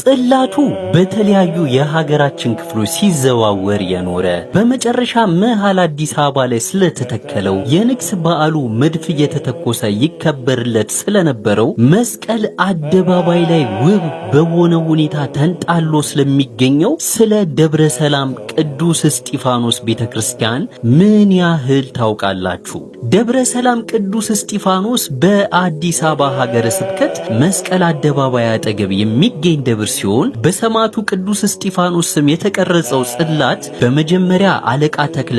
ጽላቱ በተለያዩ የሀገራችን ክፍሎች ሲዘዋወር የኖረ በመጨረሻ መሃል አዲስ አበባ ላይ ስለተተከለው የንግስ በዓሉ መድፍ እየተተኮሰ ይከበርለት ስለነበረው መስቀል አደባባይ ላይ ውብ በሆነ ሁኔታ ተንጣሎ ስለሚገኘው ስለ ደብረ ሰላም ቅዱስ እስጢፋኖስ ቤተክርስቲያን ምን ያህል ታውቃላችሁ? ደብረ ሰላም ቅዱስ እስጢፋኖስ በአዲስ አበባ ሀገረ ስብከት መስቀል አደባባይ አጠገብ የሚገኝ ደብረ የሚያከብር ሲሆን በሰማዕቱ ቅዱስ እስጢፋኖስ ስም የተቀረጸው ጽላት በመጀመሪያ አለቃ ተክለ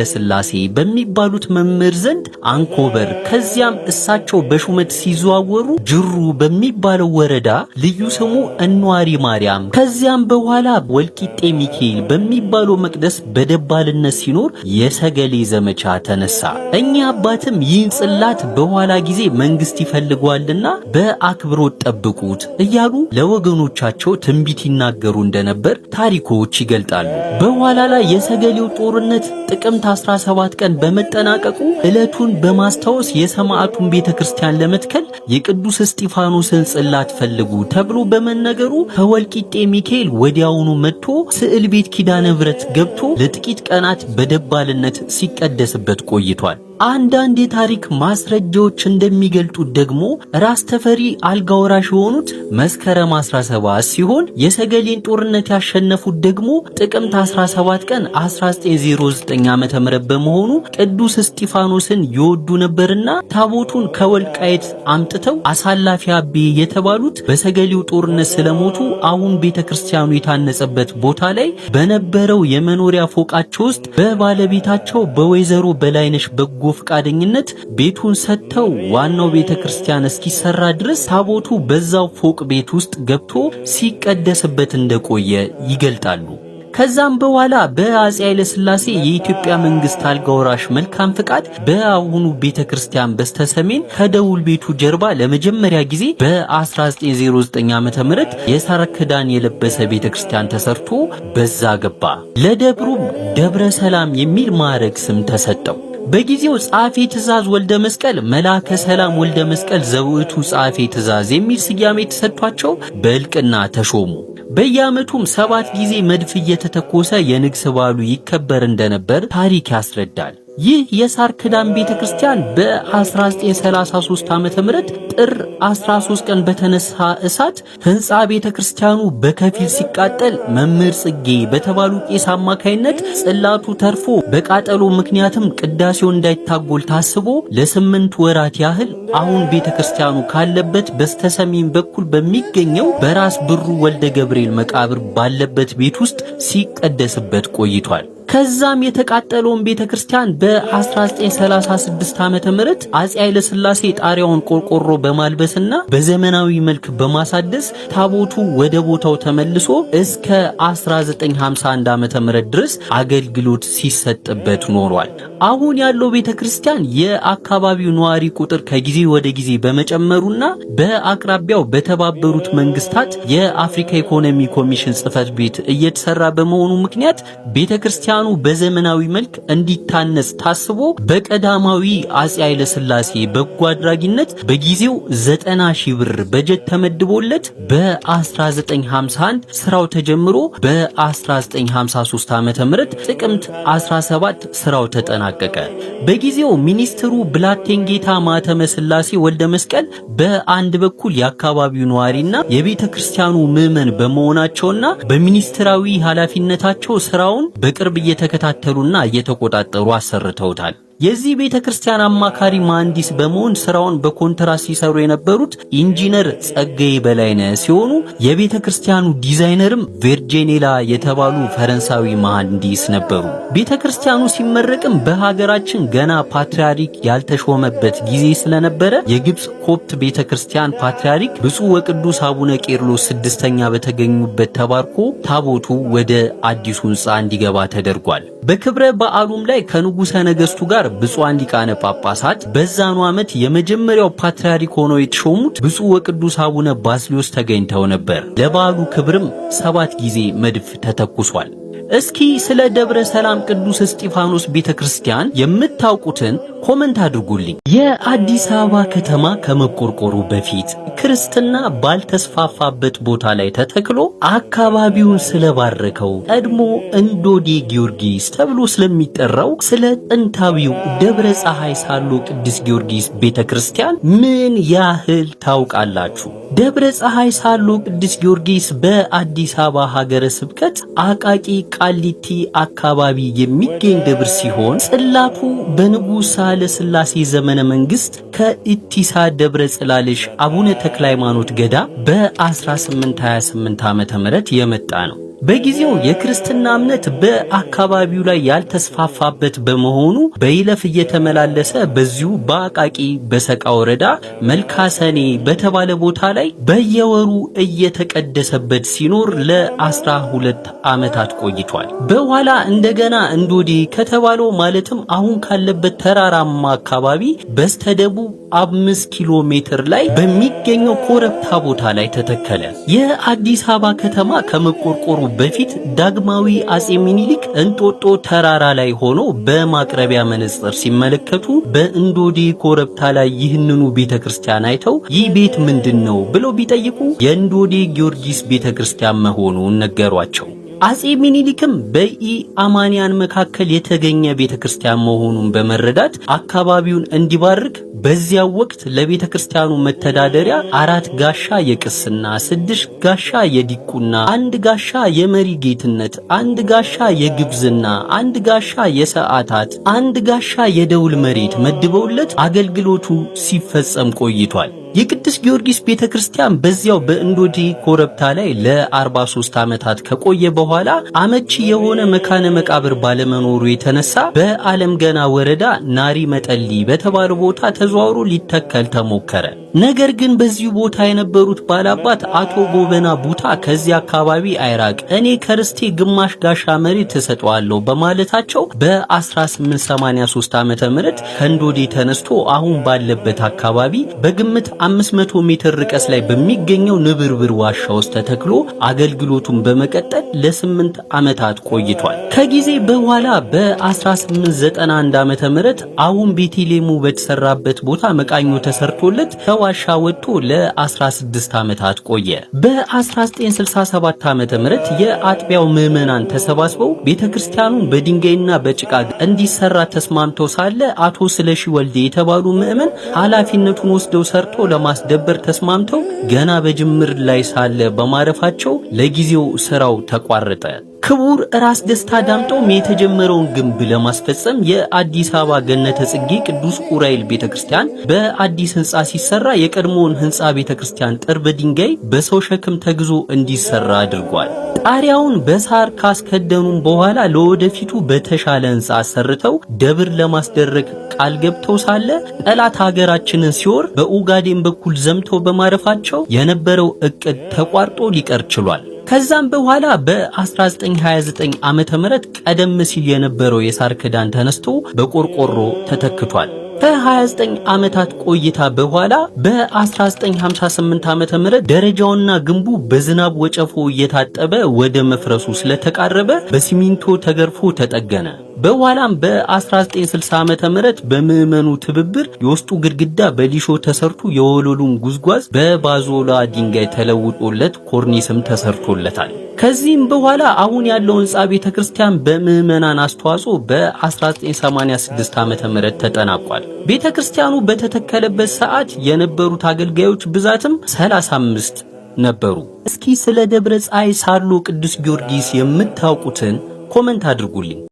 በሚባሉት መምህር ዘንድ አንኮበር፣ ከዚያም እሳቸው በሹመት ሲዘዋወሩ ጅሩ በሚባለው ወረዳ ልዩ ስሙ እኗሪ ማርያም፣ ከዚያም በኋላ ወልቂጤ ሚካኤል በሚባለው መቅደስ በደባልነት ሲኖር የሰገሌ ዘመቻ ተነሳ። እኚህ አባትም ይህን ጽላት በኋላ ጊዜ መንግስት ይፈልጓልና በአክብሮት ጠብቁት እያሉ ለወገኖቻቸው ትንቢት ይናገሩ እንደነበር ታሪኮች ይገልጣሉ። በኋላ ላይ የሰገሌው ጦርነት ጥቅምት 17 ቀን በመጠናቀቁ ዕለቱን በማስታወስ የሰማዕቱን ቤተ ክርስቲያን ለመትከል የቅዱስ እስጢፋኖስን ጽላት ፈልጉ ተብሎ በመነገሩ ከወልቂጤ ሚካኤል ወዲያውኑ መጥቶ ስዕል ቤት ኪዳነ ብረት ገብቶ ለጥቂት ቀናት በደባልነት ሲቀደስበት ቆይቷል። አንዳንድ የታሪክ ማስረጃዎች እንደሚገልጡት ደግሞ ራስ ተፈሪ አልጋ የሆኑት መስከረም 17 ሲሆን የሰገሌን ጦርነት ያሸነፉት ደግሞ ጥቅምት 17 ቀን 1909 ዓ.ም በመሆኑ ቅዱስ እስጢፋኖስን ይወዱ ነበርና ታቦቱን ከወልቃይት አምጥተው አሳላፊ አቤ የተባሉት በሰገሌው ጦርነት ስለሞቱ አሁን ቤተክርስቲያኑ የታነጸበት ቦታ ላይ በነበረው የመኖሪያ ፎቃቸው ውስጥ በባለቤታቸው በወይዘሮ በላይነሽ በጎ በበጎ ፈቃደኝነት ቤቱን ሰጥተው ዋናው ቤተ ክርስቲያን እስኪሰራ ድረስ ታቦቱ በዛው ፎቅ ቤት ውስጥ ገብቶ ሲቀደስበት እንደቆየ ይገልጣሉ። ከዛም በኋላ በአፄ ኃይለ ሥላሴ የኢትዮጵያ መንግስት አልጋ ወራሽ መልካም ፍቃድ በአሁኑ ቤተ ክርስቲያን በስተሰሜን ከደውል ቤቱ ጀርባ ለመጀመሪያ ጊዜ በ1909 ዓ ም የሳር ክዳን የለበሰ ቤተ ክርስቲያን ተሰርቶ በዛ ገባ። ለደብሩም ደብረ ሰላም የሚል ማዕረግ ስም ተሰጠው። በጊዜው ጸሐፌ ትእዛዝ ወልደ መስቀል መልአከ ሰላም ወልደ መስቀል ዘውእቱ ጸሐፌ ትእዛዝ የሚል ስያሜ ተሰጥቷቸው በእልቅና ተሾሙ። በየዓመቱም ሰባት ጊዜ መድፍ እየተተኮሰ የንግስ በዓሉ ይከበር እንደነበር ታሪክ ያስረዳል። ይህ የሳር ክዳን ቤተ ክርስቲያን በ1933 ዓ.ም ጥር 13 ቀን በተነሳ እሳት ህንፃ ቤተ ክርስቲያኑ በከፊል ሲቃጠል መምህር ጽጌ በተባሉ ቄስ አማካይነት ጽላቱ ተርፎ በቃጠሎ ምክንያትም ቅዳሴው እንዳይታጎል ታስቦ ለስምንት ወራት ያህል አሁን ቤተ ክርስቲያኑ ካለበት በስተሰሜን በኩል በሚገኘው በራስ ብሩ ወልደ ገብርኤል መቃብር ባለበት ቤት ውስጥ ሲቀደስበት ቆይቷል። ከዛም የተቃጠለውን ቤተ ክርስቲያን በ1936 ዓ ም አፄ ኃይለ ሥላሴ ጣሪያውን ቆርቆሮ በማልበስና በዘመናዊ መልክ በማሳደስ ታቦቱ ወደ ቦታው ተመልሶ እስከ 1951 ዓ ም ድረስ አገልግሎት ሲሰጥበት ኖሯል። አሁን ያለው ቤተ ክርስቲያን የአካባቢው ነዋሪ ቁጥር ከጊዜ ወደ ጊዜ በመጨመሩና በአቅራቢያው በተባበሩት መንግስታት የአፍሪካ ኢኮኖሚ ኮሚሽን ጽህፈት ቤት እየተሰራ በመሆኑ ምክንያት ቤተ ክርስቲያን ክርስቲያኑ በዘመናዊ መልክ እንዲታነጽ ታስቦ በቀዳማዊ አጼ ኃይለ ሥላሴ በጎ አድራጊነት በጊዜው 90 ሺህ ብር በጀት ተመድቦለት በ1951 ስራው ተጀምሮ በ1953 ዓም ምህረት ጥቅምት 17 ስራው ተጠናቀቀ። በጊዜው ሚኒስትሩ ብላቴንጌታ ማተመ ሥላሴ ወልደ መስቀል በአንድ በኩል የአካባቢው ነዋሪና የቤተ ክርስቲያኑ ምዕመን በመሆናቸውና በሚኒስትራዊ ኃላፊነታቸው ስራውን በቅርብ እየተከታተሉና እየተቆጣጠሩ አሰርተውታል። የዚህ ቤተ ክርስቲያን አማካሪ መሐንዲስ በመሆን ስራውን በኮንትራት ሲሰሩ የነበሩት ኢንጂነር ጸጋዬ በላይነ ሲሆኑ የቤተ ክርስቲያኑ ዲዛይነርም ቬርጄኔላ የተባሉ ፈረንሳዊ መሐንዲስ ነበሩ። ቤተ ክርስቲያኑ ሲመረቅም በሀገራችን ገና ፓትርያርክ ያልተሾመበት ጊዜ ስለነበረ የግብፅ ኮፕት ቤተ ክርስቲያን ፓትርያርክ ብፁዕ ወቅዱስ አቡነ ቄርሎስ ስድስተኛ በተገኙበት ተባርኮ ታቦቱ ወደ አዲሱ ህንፃ እንዲገባ ተደርጓል። በክብረ በዓሉም ላይ ከንጉሠ ነገሥቱ ጋር ብፁዓን ሊቃነ ጳጳሳት በዛኑ ዓመት የመጀመሪያው ፓትርያርክ ሆነው የተሾሙት ብፁዕ ወቅዱስ አቡነ ባስልዮስ ተገኝተው ነበር። ለበዓሉ ክብርም ሰባት ጊዜ መድፍ ተተኩሷል። እስኪ ስለ ደብረ ሰላም ቅዱስ እስጢፋኖስ ቤተ ክርስቲያን የምታውቁትን ኮመንት አድርጉልኝ። የአዲስ አበባ ከተማ ከመቆርቆሩ በፊት ክርስትና ባልተስፋፋበት ቦታ ላይ ተተክሎ አካባቢውን ስለባረከው ቀድሞ እንዶዴ ጊዮርጊስ ተብሎ ስለሚጠራው ስለ ጥንታዊው ደብረ ፀሐይ ሳሎ ቅዱስ ጊዮርጊስ ቤተ ክርስቲያን ምን ያህል ታውቃላችሁ? ደብረ ፀሐይ ሳሎ ቅዱስ ጊዮርጊስ በአዲስ አበባ ሀገረ ስብከት አቃቂ ቃሊቲ አካባቢ የሚገኝ ደብር ሲሆን ጽላቱ በንጉሥ ሥላሴ ዘመነ መንግስት ከኢቲሳ ደብረ ጽላልሽ አቡነ ተክለ ሃይማኖት ገዳ በ1828 ም የመጣ ነው። በጊዜው የክርስትና እምነት በአካባቢው ላይ ያልተስፋፋበት በመሆኑ በይለፍ እየተመላለሰ በዚሁ በአቃቂ በሰቃ ወረዳ መልካሰኔ በተባለ ቦታ ላይ በየወሩ እየተቀደሰበት ሲኖር ለአስራ ሁለት ዓመታት ቆይቷል። በኋላ እንደገና እንዶዴ ከተባለው ማለትም አሁን ካለበት ተራራማ አካባቢ በስተደቡብ አምስት ኪሎ ሜትር ላይ በሚገኘው ኮረብታ ቦታ ላይ ተተከለ። የአዲስ አበባ ከተማ ከመቆርቆሩ በፊት ዳግማዊ አጼ ሚኒሊክ እንጦጦ ተራራ ላይ ሆኖ በማቅረቢያ መነጽር ሲመለከቱ በእንዶዴ ኮረብታ ላይ ይህንኑ ቤተክርስቲያን አይተው ይህ ቤት ምንድን ነው ብለው ቢጠይቁ የእንዶዴ ጊዮርጊስ ቤተክርስቲያን መሆኑን ነገሯቸው። አጼ ሚኒሊክም በኢአማንያን መካከል የተገኘ ቤተ ክርስቲያን መሆኑን በመረዳት አካባቢውን እንዲባርክ በዚያው ወቅት ለቤተ ክርስቲያኑ መተዳደሪያ አራት ጋሻ የቅስና፣ ስድስት ጋሻ የዲቁና፣ አንድ ጋሻ የመሪ ጌትነት፣ አንድ ጋሻ የግብዝና፣ አንድ ጋሻ የሰዓታት፣ አንድ ጋሻ የደውል መሬት መድበውለት አገልግሎቱ ሲፈጸም ቆይቷል። የቅዱስ ጊዮርጊስ ቤተክርስቲያን በዚያው በእንዶዲ ኮረብታ ላይ ለ43 ዓመታት ከቆየ በኋላ አመቺ የሆነ መካነ መቃብር ባለመኖሩ የተነሳ በአለም ገና ወረዳ ናሪ መጠሊ በተባለ ቦታ ተዘዋውሮ ሊተከል ተሞከረ። ነገር ግን በዚሁ ቦታ የነበሩት ባላባት አቶ ጎበና ቡታ ከዚህ አካባቢ አይራቅ፣ እኔ ከርስቴ ግማሽ ጋሻ መሬት ተሰጠዋለሁ በማለታቸው በ1883 ም ከእንዶዴ ተነስቶ አሁን ባለበት አካባቢ በግምት 500 ሜትር ርቀት ላይ በሚገኘው ንብርብር ዋሻ ውስጥ ተተክሎ አገልግሎቱን በመቀጠል ለስምንት ዓመታት ቆይቷል። ከጊዜ በኋላ በ1891 ዓመተ ምህረት አሁን ቤቴሌሙ በተሰራበት ቦታ መቃኞ ተሰርቶለት ከዋሻ ወጥቶ ለ16 ዓመታት ቆየ። በ1967 ዓመተ ምህረት የአጥቢያው ምዕመናን ተሰባስበው ቤተክርስቲያኑን በድንጋይና በጭቃ እንዲሰራ ተስማምተው ሳለ አቶ ስለሺ ወልዴ የተባሉ ምዕመን ኃላፊነቱን ወስደው ሰርቶ ለማስደበር ተስማምተው ገና በጅምር ላይ ሳለ በማረፋቸው ለጊዜው ስራው ተቋረጠ። ክቡር ራስ ደስታ ዳምጠውም የተጀመረውን ግንብ ለማስፈጸም የአዲስ አበባ ገነተ ጽጌ ቅዱስ ቤተ ቤተክርስቲያን በአዲስ ህንፃ ሲሰራ የቀድሞውን ህንፃ ቤተክርስቲያን ጥርብ ድንጋይ በሰው ሸክም ተግዞ እንዲሰራ አድርጓል። ጣሪያውን በሳር ካስከደኑም በኋላ ለወደፊቱ በተሻለ ህንፃ ሰርተው ደብር ለማስደረግ ቃል ገብተው ሳለ ጠላት ሀገራችንን ሲወር በኡጋዴን በኩል ዘምተው በማረፋቸው የነበረው እቅድ ተቋርጦ ሊቀር ችሏል። ከዛም በኋላ በ1929 ዓመተ ምህረት ቀደም ሲል የነበረው የሳር ክዳን ተነስቶ በቆርቆሮ ተተክቷል። ከ29 ዓመታት ቆይታ በኋላ በ1958 ዓመተ ምህረት ደረጃውና ግንቡ በዝናብ ወጨፎ እየታጠበ ወደ መፍረሱ ስለተቃረበ በሲሚንቶ ተገርፎ ተጠገነ። በኋላም በ1960 ዓመተ ምህረት በምዕመኑ ትብብር የውስጡ ግድግዳ በሊሾ ተሰርቶ የወለሉን ጉዝጓዝ በባዞላ ድንጋይ ተለውጦለት ኮርኒስም ተሰርቶለታል። ከዚህም በኋላ አሁን ያለው ህንጻ ቤተ ክርስቲያን በምዕመናን አስተዋጽኦ በ1986 ዓመተ ምህረት ተጠናቋል። ቤተ ክርስቲያኑ በተተከለበት ሰዓት የነበሩት አገልጋዮች ብዛትም 35 ነበሩ። እስኪ ስለ ደብረ ፀሐይ ሳሎ ቅዱስ ጊዮርጊስ የምታውቁትን ኮመንት አድርጉልኝ።